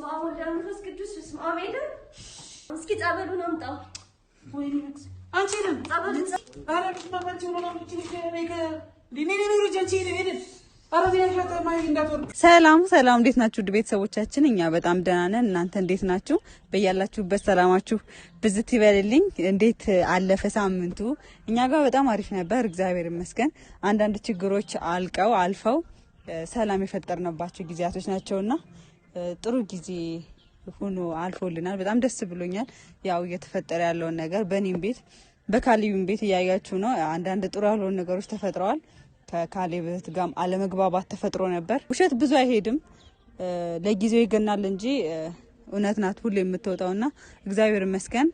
በስመ አብ ወመንፈስ ቅዱስ በስመ አብ እስኪ ጸበሉን አምጣው። ሰላም ሰላም፣ እንዴት ናችሁ ውድ ቤተሰቦቻችን? እኛ በጣም ደህና ነን። እናንተ እንዴት ናችሁ? በያላችሁበት ሰላማችሁ ብዝት ይበልልኝ። እንዴት አለፈ ሳምንቱ? እኛ ጋር በጣም አሪፍ ነበር፣ እግዚአብሔር ይመስገን። አንዳንድ ችግሮች አልቀው አልፈው ሰላም የፈጠርነባቸው ጊዜያቶች ናቸውና ጥሩ ጊዜ ሆኖ አልፎልናል። በጣም ደስ ብሎኛል። ያው እየተፈጠረ ያለውን ነገር በእኔም ቤት በካሌብም ቤት እያያችሁ ነው። አንዳንድ ጥሩ ያልሆኑ ነገሮች ተፈጥረዋል። ከካሌብ እህት ጋርም አለመግባባት ተፈጥሮ ነበር። ውሸት ብዙ አይሄድም፣ ለጊዜው ይገናል እንጂ እውነት ናት ሁሉ የምትወጣውና እግዚአብሔር ይመስገን።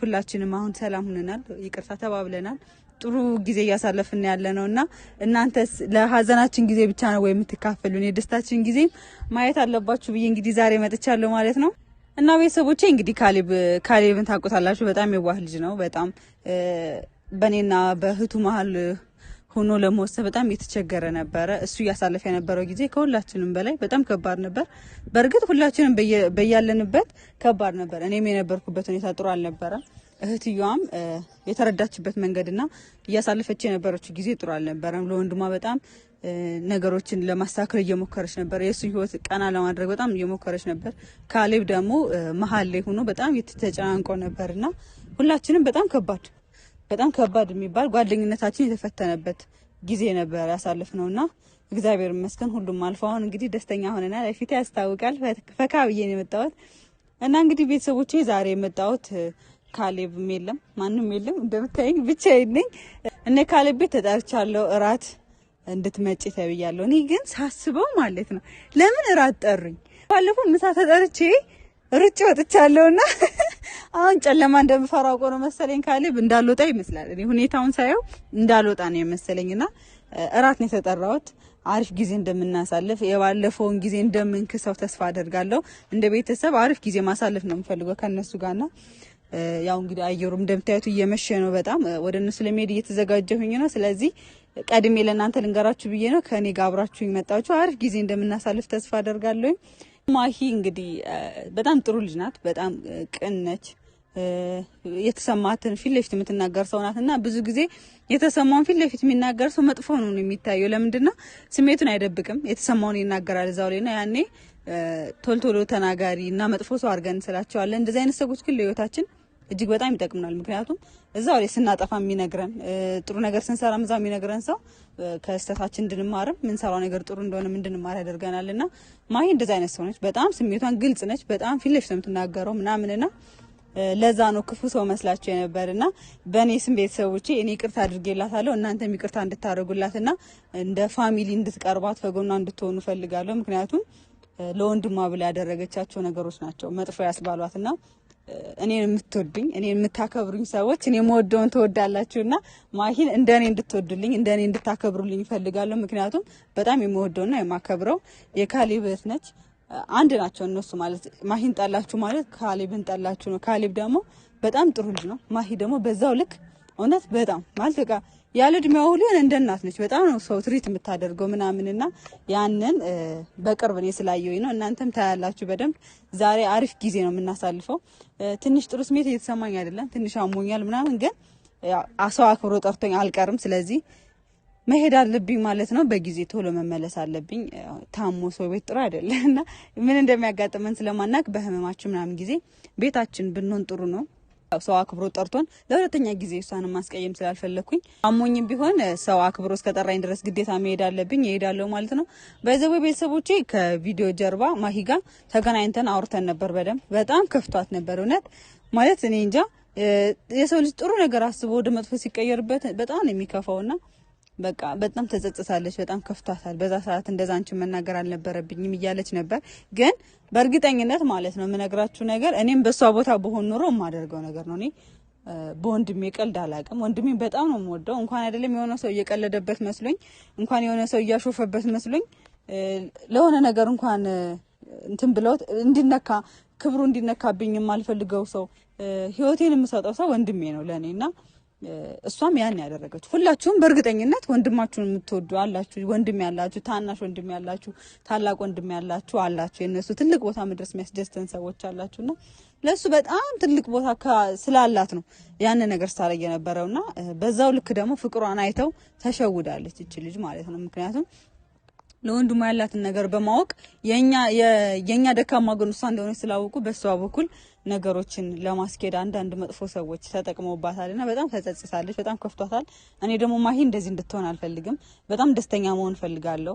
ሁላችንም አሁን ሰላም ሁነናል። ይቅርታ ተባብለናል። ጥሩ ጊዜ እያሳለፍን ያለ ነው እና እናንተስ ለሀዘናችን ጊዜ ብቻ ነው ወይ የምትካፈሉን? የደስታችን ጊዜም ማየት አለባችሁ ብዬ እንግዲህ ዛሬ መጥቻለሁ ማለት ነው። እና ቤተሰቦቼ እንግዲህ ካሌብ ካሌብን ታውቁታላችሁ። በጣም የዋህ ልጅ ነው። በጣም በእኔና በእህቱ መሀል ሆኖ ለመወሰን በጣም የተቸገረ ነበረ። እሱ እያሳለፈ የነበረው ጊዜ ከሁላችንም በላይ በጣም ከባድ ነበር። በእርግጥ ሁላችንም በያለንበት ከባድ ነበር። እኔም የነበርኩበት ሁኔታ ጥሩ አልነበረም። እህትየዋም የተረዳችበት መንገድና እያሳለፈች የነበረችው ጊዜ ጥሩ አልነበረም። ለወንድሟ በጣም ነገሮችን ለማስተካከል እየሞከረች ነበር። የእሱን ህይወት ቀና ለማድረግ በጣም እየሞከረች ነበር። ካሌብ ደግሞ መሀል ላይ ሆኖ በጣም የተጨናንቆ ነበር እና ሁላችንም በጣም ከባድ በጣም ከባድ የሚባል ጓደኝነታችን የተፈተነበት ጊዜ ነበር ያሳልፍ ነው እና እግዚአብሔር ይመስገን ሁሉም አልፎ አሁን እንግዲህ ደስተኛ ሆነና ለፊት ያስታውቃል። ፈካ ብዬን የመጣሁት እና እንግዲህ ቤተሰቦቼ ዛሬ የመጣሁት ካሌብም የለም ማንም የለም። እንደምታይኝ ብቻዬን ነኝ። እነ ካሌብ ቤት ተጠርቻለሁ እራት እንድትመጪ ተብያለሁ። እኔ ግን ሳስበው ማለት ነው ለምን እራት ጠሩኝ? ባለፈው ምሳ ተጠርቼ ርጭ ወጥቻለሁና አሁን ጨለማ እንደምፈራ አውቆ ነው መሰለኝ ካሌብ እንዳልወጣ ይመስላል። እኔ ሁኔታውን ሳየው እንዳልወጣ ነው የመሰለኝና እራት ነው የተጠራሁት። አሪፍ ጊዜ እንደምናሳልፍ የባለፈውን ጊዜ እንደምንክሰው ተስፋ አደርጋለሁ። እንደ ቤተሰብ አሪፍ ጊዜ ማሳለፍ ነው የምፈልገው ከእነሱ ጋርና ያው እንግዲህ አየሩም እንደምታዩት እየመሸ ነው። በጣም ወደ እነሱ ለመሄድ እየተዘጋጀሁኝ ነው። ስለዚህ ቀድሜ ለእናንተ ልንገራችሁ ብዬ ነው። ከኔ ጋር አብራችሁኝ መጣችሁ አሪፍ ጊዜ እንደምናሳልፍ ተስፋ አደርጋለሁኝ። ማሂ እንግዲህ በጣም ጥሩ ልጅ ናት። በጣም ቅን ነች። የተሰማትን ፊት ለፊት የምትናገር ሰው ናት እና ብዙ ጊዜ የተሰማውን ፊት ለፊት የሚናገር ሰው መጥፎ ነው የሚታየው። ለምንድን ነው ስሜቱን አይደብቅም፣ የተሰማውን ይናገራል እዛው ላይ ነው። ያኔ ቶልቶሎ ተናጋሪ እና መጥፎ ሰው አድርገን እንስላቸዋለን። እንደዚህ አይነት ሰዎች ግን ለህይወታችን እጅግ በጣም ይጠቅምናል። ምክንያቱም እዛው ላይ ስናጠፋ የሚነግረን ጥሩ ነገር ስንሰራ እዛ የሚነግረን ሰው ከስህተታችን እንድንማርም ምንሰራው ነገር ጥሩ እንደሆነ እንድንማር ያደርገናል። እና ማሂ እንደዚ አይነት ሰው ነች። በጣም ስሜቷን ግልጽ ነች። በጣም ፊት ለፊት ነው የምትናገረው ምናምንና ለዛ ነው ክፉ ሰው መስላቸው የነበር እና በእኔ ስም ቤተሰቦቼ እኔ ይቅርታ አድርጌላታለሁ። እናንተም ይቅርታ ና እንደ ፋሚሊ እንድትቀርባት ፈጎና እንድትሆኑ ፈልጋለሁ። ምክንያቱም ለወንድሟ ብላ ያደረገቻቸው ነገሮች ናቸው መጥፎ ያስባሏትና እኔን የምትወዱኝ እኔን የምታከብሩኝ ሰዎች እኔ የምወደውን ትወዳላችሁና ማሂን እንደኔ እንድትወዱልኝ እኔ እንድታከብሩልኝ ይፈልጋለሁ። ምክንያቱም በጣም የምወደውና የማከብረው የካሌብ እህት ነች። አንድ ናቸው እነሱ ማለት ማሂን ጠላችሁ ማለት ካሌብን ጠላችሁ ነው። ካሌብ ደግሞ በጣም ጥሩ ልጅ ነው። ማሂ ደግሞ በዛው ልክ እውነት በጣም ማለት በቃ ያለ እድሜዋ ሁሉ እንደ እናት ነች። በጣም ነው ሰው ትሪት የምታደርገው ምናምንና ያንን በቅርብ እኔ ስላየሁኝ ነው። እናንተም ታያላችሁ በደንብ። ዛሬ አሪፍ ጊዜ ነው የምናሳልፈው። ትንሽ ጥሩ ስሜት እየተሰማኝ አይደለም፣ ትንሽ አሞኛል ምናምን፣ ግን ሰው አክብሮ ጠርቶኝ አልቀርም። ስለዚህ መሄድ አለብኝ ማለት ነው። በጊዜ ቶሎ መመለስ አለብኝ። ታሞ ሰው ቤት ጥሩ አይደለም እና ምን እንደሚያጋጥመን ስለማናቅ በህመማችን ምናምን ጊዜ ቤታችን ብንሆን ጥሩ ነው። ሰው አክብሮ ጠርቶን ለሁለተኛ ጊዜ እሷን ማስቀየም ስላልፈለግኩኝ አሞኝም ቢሆን ሰው አክብሮ እስከጠራኝ ድረስ ግዴታ መሄድ አለብኝ እሄዳለሁ ማለት ነው። በዘቦ ቤተሰቦቼ ከቪዲዮ ጀርባ ማሂጋ ተገናኝተን አውርተን ነበር። በደንብ በጣም ከፍቷት ነበር። እውነት ማለት እኔ እንጃ የሰው ልጅ ጥሩ ነገር አስቦ ወደ መጥፎ ሲቀየርበት በጣም ነው የሚከፋውና በቃ በጣም ተጸጽታለች፣ በጣም ከፍቷታል። በዛ ሰዓት እንደዛ አንቺን መናገር አልነበረብኝም እያለች ነበር። ግን በእርግጠኝነት ማለት ነው የምነግራችሁ ነገር እኔም በእሷ ቦታ በሆን ኖሮ የማደርገው ነገር ነው። እኔ በወንድሜ ቀልድ አላውቅም። ወንድሜ በጣም ነው የምወደው። እንኳን አይደለም የሆነ ሰው እየቀለደበት መስሎኝ፣ እንኳን የሆነ ሰው እያሾፈበት መስሎኝ ለሆነ ነገር እንኳን እንትን ብለውት እንዲነካ ክብሩ እንዲነካብኝ የማልፈልገው ሰው ህይወቴን የምሰጠው ሰው ወንድሜ ነው ለእኔ እና እሷም ያን ያደረገች። ሁላችሁም በእርግጠኝነት ወንድማችሁን የምትወዱ አላችሁ፣ ወንድም ያላችሁ፣ ታናሽ ወንድም ያላችሁ፣ ታላቅ ወንድም ያላችሁ አላችሁ። የእነሱ ትልቅ ቦታ መድረስ የሚያስደስተን ሰዎች አላችሁና ለእሱ በጣም ትልቅ ቦታ ስላላት ነው ያን ነገር ስታረግ የነበረውና በዛው ልክ ደግሞ ፍቅሯን አይተው ተሸውዳለች ይች ልጅ ማለት ነው ምክንያቱም ለወንድሟ ያላትን ነገር በማወቅ የእኛ ደካማ ጎን እሷ እንደሆነ ስላወቁ በሷ በኩል ነገሮችን ለማስኬድ አንዳንድ መጥፎ ሰዎች ተጠቅመውባታል እና በጣም ተጸጽሳለች፣ በጣም ከፍቷታል። እኔ ደግሞ ማሂ እንደዚህ እንድትሆን አልፈልግም። በጣም ደስተኛ መሆን ፈልጋለሁ።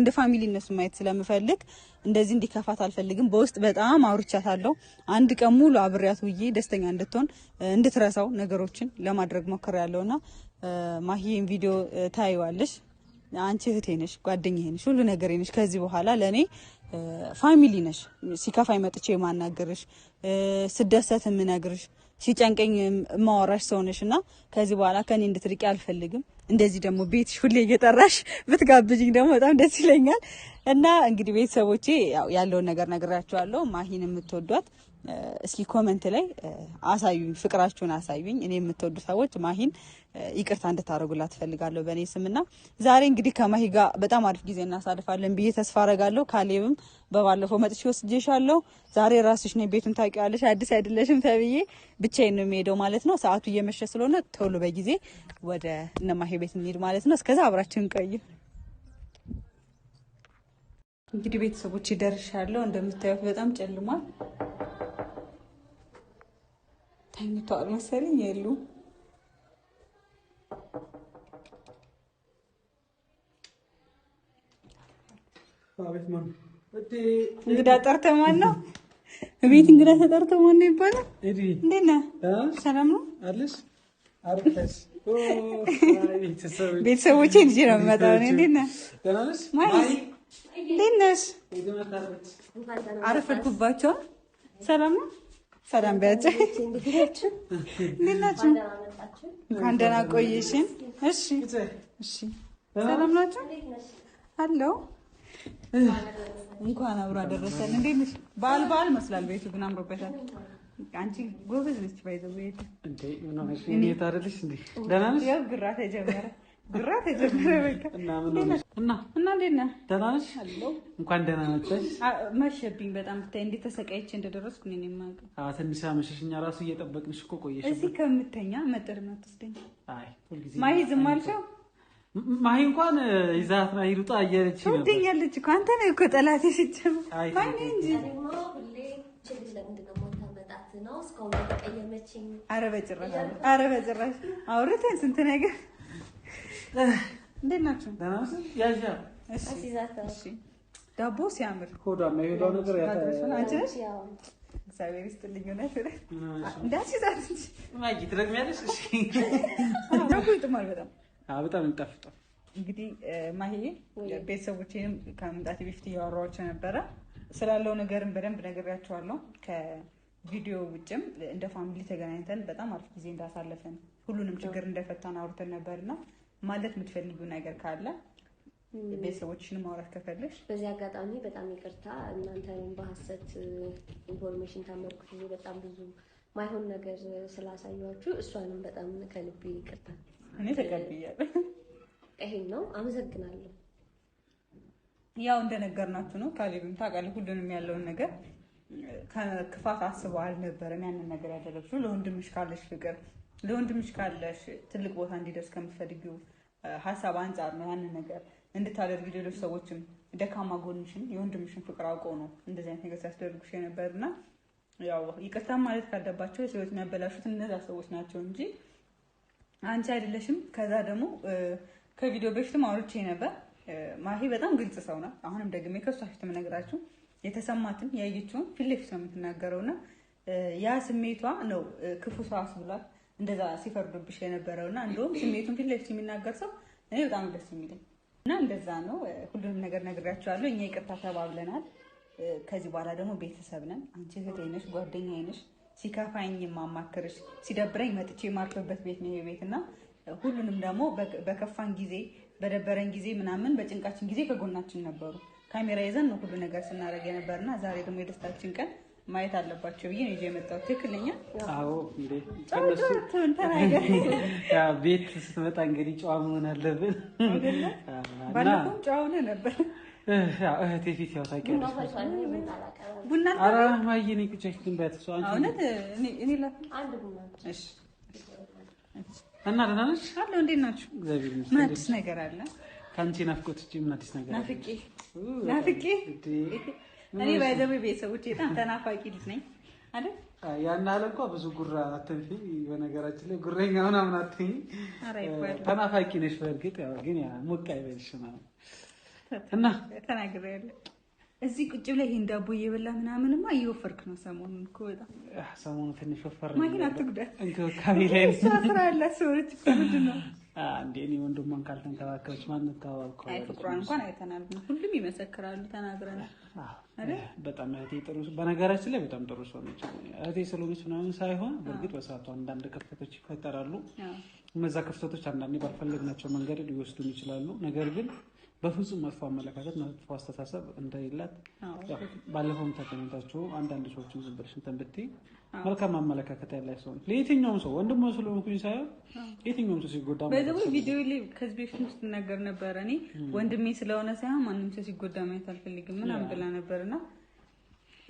እንደ ፋሚሊ እነሱ ማየት ስለምፈልግ እንደዚህ እንዲከፋት አልፈልግም። በውስጥ በጣም አውርቻታለሁ። አንድ ቀን ሙሉ አብሬያት ውዬ ደስተኛ እንድትሆን እንድትረሳው ነገሮችን ለማድረግ ያለውና ማሂ ቪዲዮ ታይዋለሽ አንቺ እህቴ ነሽ፣ ጓደኛዬ ነሽ፣ ሁሉ ነገር ነሽ። ከዚህ በኋላ ለእኔ ፋሚሊ ነሽ። ሲከፋኝ መጥቼ የማናግርሽ፣ ስደሰት የምነግርሽ፣ ሲጨንቀኝ የማወራሽ ሰው ነሽ እና ከዚህ በኋላ ከኔ እንድትርቂ አልፈልግም። እንደዚህ ደግሞ ቤትሽ ሁሌ እየጠራሽ ብትጋብዥኝ ደግሞ በጣም ደስ ይለኛል። እና እንግዲህ ቤተሰቦቼ ያለውን ነገር ነግራቸዋለሁ። ማሂን የምትወዷት እስኪ ኮመንት ላይ አሳዩኝ፣ ፍቅራችሁን አሳዩኝ። እኔ የምትወዱ ሰዎች ማሂን ይቅርታ እንድታደርጉላት ፈልጋለሁ በእኔ ስምና። ዛሬ እንግዲህ ከማሂ ጋር በጣም አሪፍ ጊዜ እናሳልፋለን ብዬ ተስፋ አረጋለሁ። ካሌብም በባለፈው መጥቼ ወስጄሻለሁ። ዛሬ ራስሽ ነ ቤቱን ታውቂዋለሽ፣ አዲስ አይደለሽም ተብዬ ብቻዬን ነው የሚሄደው ማለት ነው። ሰዓቱ እየመሸ ስለሆነ ቶሎ በጊዜ ወደ እነ ማሂ ቤት እንሄድ ማለት ነው። እስከዛ አብራችን ቆዩ። እንግዲህ ቤተሰቦች ይደርሻለሁ። እንደምታዩት በጣም ጨልሟል። ተኝቷል መሰለኝ የሉ እንግዳ ጠርተህ ማን ነው? እቤት እንግዳ ተጠርተህ ማን ነው ይባላል። እንዴት ነህ? ሰላም ነው? ቤተሰቦቼ ልጄ ነው የሚመጣው። እንዴት ነህ? እንዴት ነሽ? አረፈድኩባቸዋል። ሰላም ነው? ሰላም ቢያቸው እንዴት ናችሁ? እንኳን ደህና ቆየሽን። እሺ እሺ፣ ሰላም ናችሁ አለው። እንኳን አብሮ አደረሰን። እንዴት ነሽ? በዓል በዓል መስላል። ቤቱ ግን አምሮበታል። አንቺ ጎበዝ ነች። ባይዘው ቤት እንዴ ምን ሆነሽ? እንዴት አደረሽ? እንዴ ደህና ነሽ? ያው ግራ ተጀመረ ግራት የጀመረ በቃ እና እንዴት ነህ? ደህና ነሽ? እንኳን ደህና መጣሽ። መሸብኝ በጣም ብታይ እንዴት ተሰቃይቼ እንደደረስኩ እኔ የማውቀው። ትንሽ አመሸሽኛ ራሱ እየጠበቅንሽ እኮ ቆየሽ። እዚህ ከምተኛ መጠር ማትወስደኝ ማሂ ዝም አልሽው። ማሂ እንኳን ይዛት ና ይሩጣ እያለች ትወደኛለች እኮ አንተ ነህ እኮ ጠላቴ ሲጀምር ማሂ እንጂ ኧረ በጭራሽ ኧረ በጭራሽ አውርተን ስንት ነገር እንዴት ናቸው? ዳቦ ሲያምር ነገር በጣም የሚጣፍጠው እንግዲህ ማሄ ቤተሰቦቼንም ከመምጣቴ በፊት እያወራኋቸው ነበረ። ስላለው ነገርም በደንብ ነግሬያቸዋለሁ። ከቪዲዮ ውጭም እንደ ፋሚሊ ተገናኝተን በጣም አሪፍ ጊዜ እንዳሳለፈን ሁሉንም ችግር እንደፈታን አውርተን ነበርና ማለት የምትፈልጊው ነገር ካለ ቤተሰቦችን ማውራት ከፈለሽ በዚህ አጋጣሚ በጣም ይቅርታ እናንተ በሀሰት ኢንፎርሜሽን ታመርኩ ጊዜ በጣም ብዙ ማይሆን ነገር ስላሳያችሁ እሷንም በጣም ከልቤ ይቅርታ። እኔ ተቀብያለሁ። ይሄን ነው። አመሰግናለሁ። ያው እንደነገርናችሁ ነው። ካሌብም ታውቃለህ ሁሉንም ያለውን ነገር ከክፋት አስበው አልነበረም። ያንን ነገር ያደረግሽው ለወንድምሽ ካለሽ ፍቅር፣ ለወንድምሽ ካለሽ ትልቅ ቦታ እንዲደርስ ከምትፈልጊው ሀሳብ አንጻር ነው ያንን ነገር እንድታደርግ ሌሎች ሰዎችም ደካማ ጎንሽን የወንድምሽን ፍቅር አውቀው ነው እንደዚህ አይነት ነገር ሲያስደርጉሽ የነበር እና ያው ይቅርታ ማለት ካለባቸው የሰዎች የሚያበላሹት እነዛ ሰዎች ናቸው እንጂ አንቺ አይደለሽም። ከዛ ደግሞ ከቪዲዮ በፊትም አውርቼ ነበር። ማሂ በጣም ግልጽ ሰው ነው። አሁንም ደግሜ ከሷ ፊት የምነግራችሁ የተሰማትን ያየችውን ፊት ለፊት ነው የምትናገረውና ያ ስሜቷ ነው ክፉ ሰው አስብሏት እንደዛ ሲፈርዱብሽ የነበረው እና እንደውም ስሜቱን ፊት ለፊት የሚናገር ሰው እኔ በጣም ደስ የሚለኝ እና እንደዛ ነው። ሁሉንም ነገር ነግሬያቸዋለሁ። እኛ ይቅርታ ተባብለናል። ከዚህ በኋላ ደግሞ ቤተሰብ ነን። አንቺ እህቴ ነሽ፣ ጓደኛዬ ነሽ። ሲከፋኝ የማማክርሽ፣ ሲደብረኝ መጥቼ የማርፍበት ቤት ነው ቤት እና ሁሉንም ደግሞ በከፋን ጊዜ፣ በደበረን ጊዜ ምናምን በጭንቃችን ጊዜ ከጎናችን ነበሩ። ካሜራ ይዘን ነው ሁሉ ነገር ስናደርግ የነበርና ዛሬ ደግሞ የደስታችን ቀን ማየት አለባቸው ብዬ ነው ይዤ የመጣሁት። ትክክለኛ አዎ። እንዴ ቤት ስትመጣ እንግዲህ ጨዋ መሆን አለብን። ባለፈውም ጨዋ ሆነ ነበር። እህቴ ፊት ያው ታውቂያለሽ። ቡና ኧረ ማዬ እኔ እና ደህና ነሽ? አለሁ። እንዴት ናችሁ? ምን አዲስ ነገር አለ? ከአንቺ ናፍቆት ውጪ ምን አዲስ ነገር አለ? ናፍቄ ናፍቄ እኔ ባይዘው ቤተሰቦቼ በጣም ተናፋቂ ልጅ ነኝ አይደል? ያን ያህል እንኳ ብዙ ጉራ አትንፊ። በነገራችን ላይ ጉረኛ ምናምን አትይኝ። ተናፋቂ ነሽ በእርግጥ ያው፣ ግን ያ ሞቅ አይበልሽ ምናምን እና ተናግሬያለሁ። እዚህ ቁጭ ብለህ ይሄን ዳቦ እየበላ ምናምንማ እየወፈርክ ነው። ሰሞኑን እኮ በጣም ሰሞኑን ትንሽ ወፈር ማኪና ትጉዳት እንክብካቤ ላይ ስራ ስራ ያላት ምንድን ነው እንዴ እኔ ወንድሟን ካልተንከባከበች ማን ተባልኩ? ፍቅሯን እንኳን አይተናል። ሁሉም ይመሰክራሉ፣ ተናግረናል። በጣም እህቴ ጥሩ፣ በነገራችን ላይ በጣም ጥሩ ሰው ነች። እህቴ ስለሆነች ምናምን ሳይሆን በእርግጥ በሰዓቱ አንዳንድ ክፍተቶች ይፈጠራሉ። እነዛ ክፍተቶች አንዳንዴ ባልፈለግናቸው መንገድ ሊወስዱን ይችላሉ። ነገር ግን በፍጹም መጥፎ አመለካከት መጥፎ አስተሳሰብ እንደሌላት ባለፈውም ተገኝታችሁ አንዳንድ ሰዎችን ዝም ብለሽ እንትን ብትይ መልካም አመለካከት ያላት ሰው ለየትኛውም ሰው ወንድም ስለሆንኩኝ ሳይሆን የትኛውም ሰው ሲጎዳ ቪዲዮ ላይ ከዚህ በፊት ስትናገር ነበረ። እኔ ወንድሜ ስለሆነ ሳይሆን ማንም ሰው ሲጎዳ ማየት አልፈልግም ምናምን ብላ ነበርና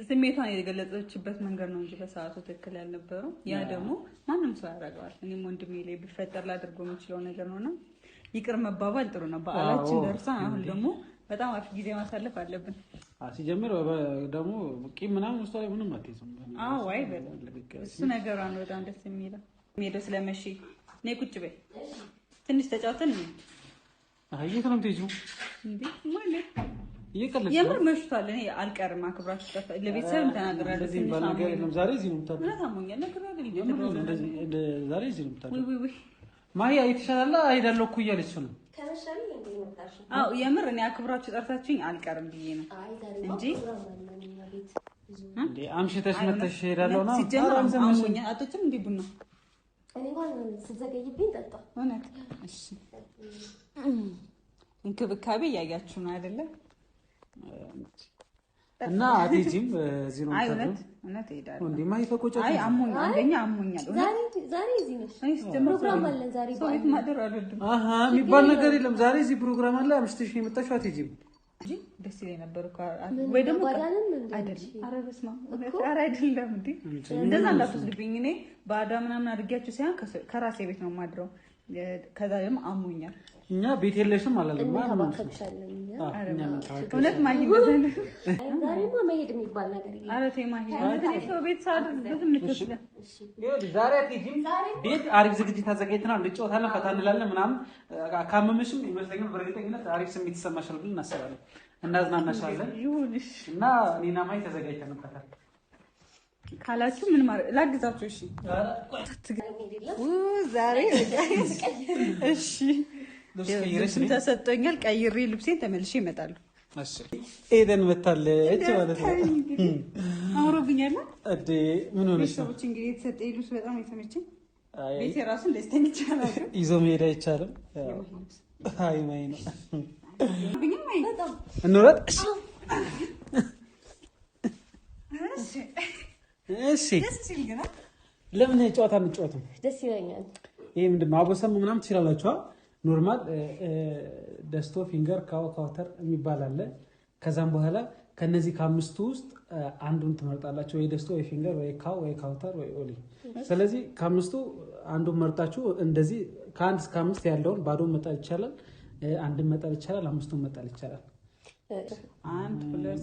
ስሜቷን የገለጸችበት መንገድ ነው እንጂ በሰዓቱ ትክክል ያልነበረው ያ ደግሞ ማንም ሰው ያደርገዋል። እኔም ወንድሜ ላይ ቢፈጠር ላድርጎ የሚችለው ነገር ነውና ይቅር መባባል ጥሩ ነው። በዓላችን ደርሰን አሁን ደግሞ በጣም አሪፍ ጊዜ ማሳለፍ አለብን። ሲጀምር ደግሞ ቂም ምናምን ውስጥ ላይ ምንም አትይዝም። አይ እሱ ነገሯ ነው በጣም ደስ የሚለው። ሄደው ስለመሽ ነይ ቁጭ በይ ትንሽ ተጫውተን የት ነው የምር መሽቷል። እኔ አልቀርም አክብራችሁ ጠፋ ለቤተሰብ ተናግራለሁ። ዛሬ እዚህ ነው የምታድረው። ዛሬ እዚህ ነው የምታድረው። ማያ የተሻላላ አይደለው እኮ እያለች ነው። አዎ የምር እኔ አክብራችሁ ጠርታችሁኝ አልቀርም ብዬ ነው እንጂ እንዴ አምሽተሽ መተሽ ሄዳለሁ ነው አቶችም እንዴ ቡና እንክብካቤ እያያችሁ ነው አይደለም? እና አትሄጂም? እዚህ ነው የምታድሪው? እውነት እሄዳለሁ። እንዴማ አይ አንደኛ ዛሬ ዛሬ። የሚባል ነገር የለም። ዛሬ እዚህ ፕሮግራም አለ። አምሽተሽ ነው የመጣሽው። አትሄጂም ደስ ይለኝ ነበር እኮ ወይ ደግሞ አይደለም። አይደለም እንዴ! እንደዛ እንዳትወስድብኝ። እኔ ባዳ ምናምን አድርጊያቸው ሳይሆን ከራሴ ቤት ነው የማድረው ከዛ ደግሞ አሞኛል። እኛ ቤት የለሽም አላለም። መሄድ የሚባል ነገር ቤት አሪፍ ዝግጅት አዘጋጅተናል። እንጫወታለን፣ ፈታ እንላለን ምናምን። ካመመሽም ይመስለኛል በእርግጠኝነት አሪፍ ስሜት ይሰማሻል ብለን እናስባለን፣ እናዝናናሻለን እና እኔና ማሂ ተዘጋጅተንበታል። ካላችሁ ምን ማድረግ ላግዛችሁ። እሺ ዛሬ እሺ ልብስም ተሰጥቶኛል። ቀይሬ ልብሴን ተመልሼ እመጣለሁ። ኤደን መታለች ማለት ነው። አምሮብኛል። ምን ሆነሽ ነው? እንግዲህ የተሰጠኝ ልብስ በጣም የተመቸኝ ቤቴ ራሱ ደስተኛ ይቻላል። ይዞ መሄድ አይቻልም። አይ ማይ ነው እንውረጥ እሺ፣ ደስ ሲል ግን ለምን ጨዋታ አንጫወትም? ደስ ይለኛል። ይሄ ምንድን ነው አቦሰም ምናምን ትችላላችሁ። ኖርማል ደስቶ ፊንገር ካው ካውተር የሚባል አለ። ከዛም በኋላ ከነዚህ ከአምስቱ ውስጥ አንዱን ትመርጣላችሁ፣ ወይ ደስቶ፣ ወይ ፊንገር፣ ወይ ካው፣ ወይ ካውተር፣ ወይ ኦሊ። ስለዚህ ከአምስቱ አንዱን መርጣችሁ እንደዚህ ከአንድ እስከ አምስት ያለውን ባዶን መጣል ይቻላል፣ አንድን መጣል ይቻላል፣ አምስቱን መጣል ይቻላል። አንድ ሁለት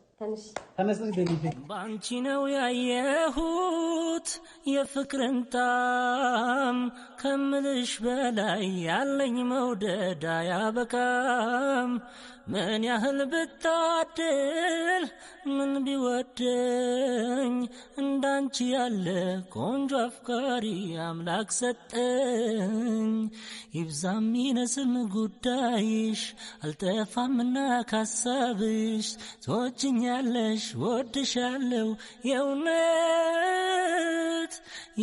ባንቺ ነው ያየሁት የፍቅርን ጣም ከምልሽ በላይ ያለኝ መውደድ አያበቃም። ምን ያህል ብታድል ምን ቢወደኝ እንዳንቺ ያለ ቆንጆ አፍቃሪ አምላክ ሰጠኝ። ይብዛም ይነስም ጉዳይሽ አልጠፋምና ካሳብሽ ትወጅኛለሽ፣ ወድሻለው የእውነት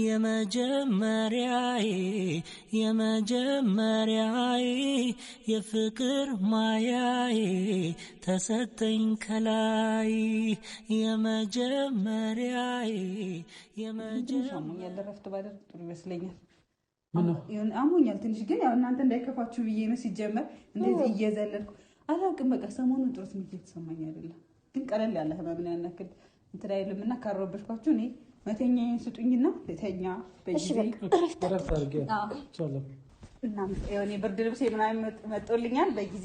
የመጀመሪያዬ የመጀመሪያዬ የፍቅር ማያዬ ተሰጠኝ ከላይ የመጀመሪያ ያለ አሞኛል ትንሽ ግን ያው እናንተ እንዳይከፋችሁ ብዬ ነው። ሲጀመር እንደዚህ እየዘለልኩ አላውቅም። በቃ ሰሞኑን ጥሩ ስሜት እየተሰማኝ አይደለም፣ ግን ቀለል ያለ ህመም ነው። እንትን አይልም እና ካረበሽኳችሁ እኔ መተኛዬን ስጡኝና ልተኛ በጊዜ እና ብርድ ልብሴ ምናምን መጦልኛል በጊዜ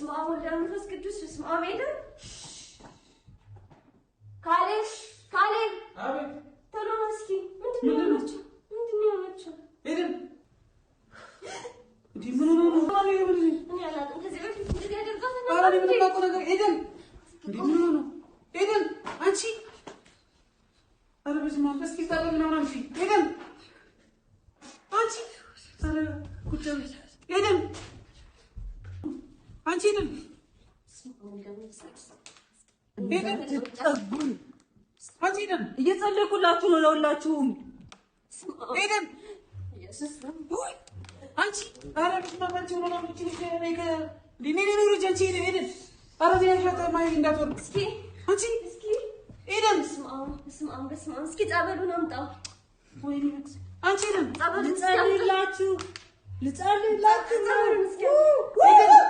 Small hocanız gedüs, small meydi. Kalem, kalem. Abi. Tamam aski. Mümkün mü olacak? Mümkün mü olacak? Dedim. Dedim bunu bunu falan yapabilirim. Ne anladım? Kızı bir fikir geldi. Ara bir bunu bak ona gel. Dedim. Dedim bunu. Dedim. Ançi. Ara bizim mampas ki tabii ne oram fi. Dedim. Ançi. Ara kutum. Dedim. Acilin. ቤትን ጠጉን አንቺንም እየጸለኩላችሁ ነው ለሁላችሁም። ቤትን አንቺ አረ ምስማማችሁ ነው ነው ልጅ ነገ ሊኔ ሊኔ ልጅ አንቺ ሄደን ሄደን አረ ዚያ ሸጠ ማይ እንዳትወርቅ እስኪ አንቺ እስኪ ሄደን ስማ ስማ ስማ እስኪ ጸበሉን አምጣው ወይ አንቺንም ጸበሉን ጸልላችሁ ልጸልላችሁ ነው ሄደን